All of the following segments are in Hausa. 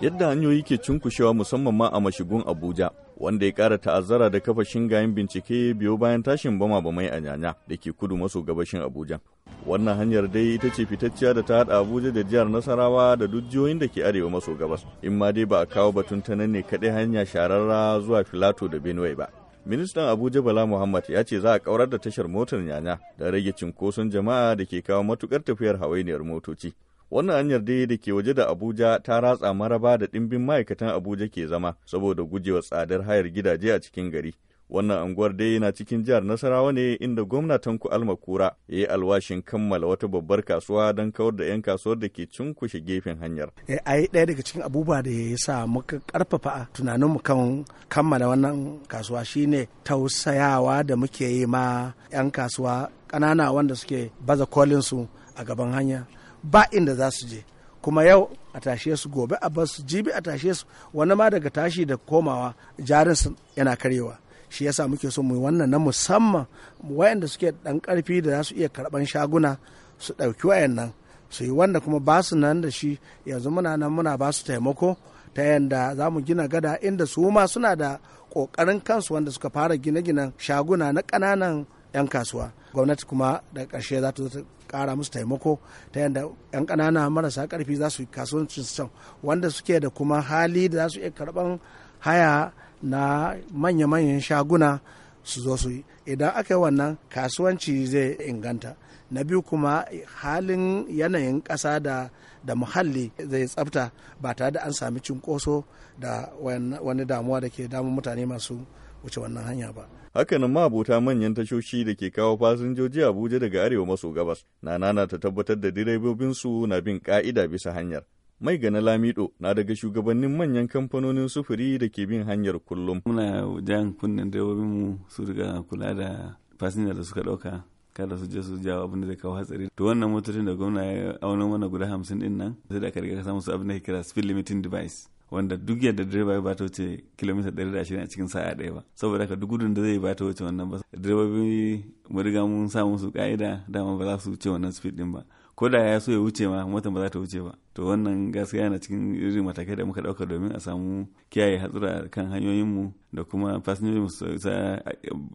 Yadda hanyoyi ke cunkushewa musamman ma a mashigun Abuja, wanda ya kara ta'azzara da kafa shingayen bincike biyo bayan tashin bama bamai a nyanya da ke kudu maso gabashin Abuja. Wannan hanyar dai ita ce fitacciya da ta hada Abuja da jihar Nasarawa da duk jihohin da ke arewa maso gabas. In ma dai ba a kawo batun ta nan ne kaɗai hanya shararra zuwa Filato da Benue ba. ministan abuja bala muhammad ya ce za a kaurar da tashar motar nyanya da rage cinkoson jama'a da ke kawo matukar tafiyar hawainiyar motoci Wannan hanyar dai da ke waje da Abuja ta ratsa maraba da ɗimbin ma'aikatan Abuja ke zama saboda gujewa tsadar hayar gidaje a cikin gari. Wannan anguwar dai na cikin jihar Nasarawa ne inda gwamna alma Almakura ya yi alwashin kammala wata babbar kasuwa don kawar da 'yan kasuwar da ke cunkushe gefen hanyar. Eh, a yi ɗaya daga cikin abubuwa da ya sa muka ƙarfafa tunaninmu kan kammala wannan kasuwa shine tausayawa da muke yi ma 'yan kasuwa ƙanana wanda suke baza kolinsu a gaban hanya. ba inda za su je kuma yau a tashe su gobe a basu jibi a tashe su wani ma daga tashi da komawa jarin su yana karyewa shi yasa muke so mu wannan na musamman wayanda suke dan karfi da za su iya karban shaguna su ɗauki wayannan su yi wanda kuma ba su nan da shi yanzu muna nan muna ba su taimako ta yanda za mu gina gada inda su ma suna da ƙoƙarin kansu wanda suka fara gine-ginen shaguna na ƙananan 'yan kasuwa gwamnati kuma da karshe za ta kara musu taimako ta yadda 'yan ƙanana marasa karfi za su yi kasuwancin can wanda suke da kuma hali da za su iya karɓan haya na manya-manyan shaguna su zo su yi idan aka yi wannan kasuwanci zai inganta na biyu kuma halin yanayin ƙasa da da muhalli zai tsafta ba tare da an sami cinkoso da wani damuwa da ke damun mutane masu wuce wannan hanya ba. Hakanan ma abota manyan tashoshi da ke kawo fasinjoji Abuja daga arewa maso gabas na nana ta tabbatar da direbobin su na bin ka'ida bisa hanyar. Mai gana Lamido na daga shugabannin manyan kamfanonin sufuri da ke bin hanyar kullum. Muna jan kunnen direbobinmu su riga kula da fasinja da suka ɗauka kada su je su jawo abin da zai kawo hatsari to wannan motocin da gwamna ya auna mana guda hamsin din nan sai da aka riga ka samu su abin da kira speed limiting device wanda duk yadda direba ba ta wuce kilomita 120 a cikin sa'a ɗaya ba saboda haka duk gudun da zai ba ta wuce wannan ba direbobi mu riga mun sa musu ka'ida dama ba za su wuce wannan speed din ba ko da ya so ya wuce ma mota ba za ta wuce ba to wannan gaskiya yana cikin irin matakai da muka dauka domin a samu kiyaye hatsura kan hanyoyin mu da kuma fasinjoji mu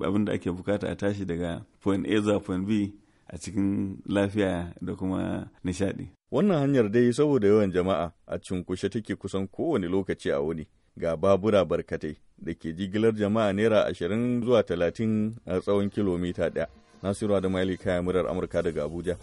abin da ake bukata a tashi daga point A zuwa point B a cikin lafiya da kuma nishaɗi. Wannan hanyar dai saboda yawan jama'a a cunkushe take kusan kowane lokaci a wuni ga babura barkatai da ke jigilar jama'a naira ashirin zuwa talatin a tsawon kilomita ɗaya. Nasiru Adamali kaya murar Amurka daga Abuja.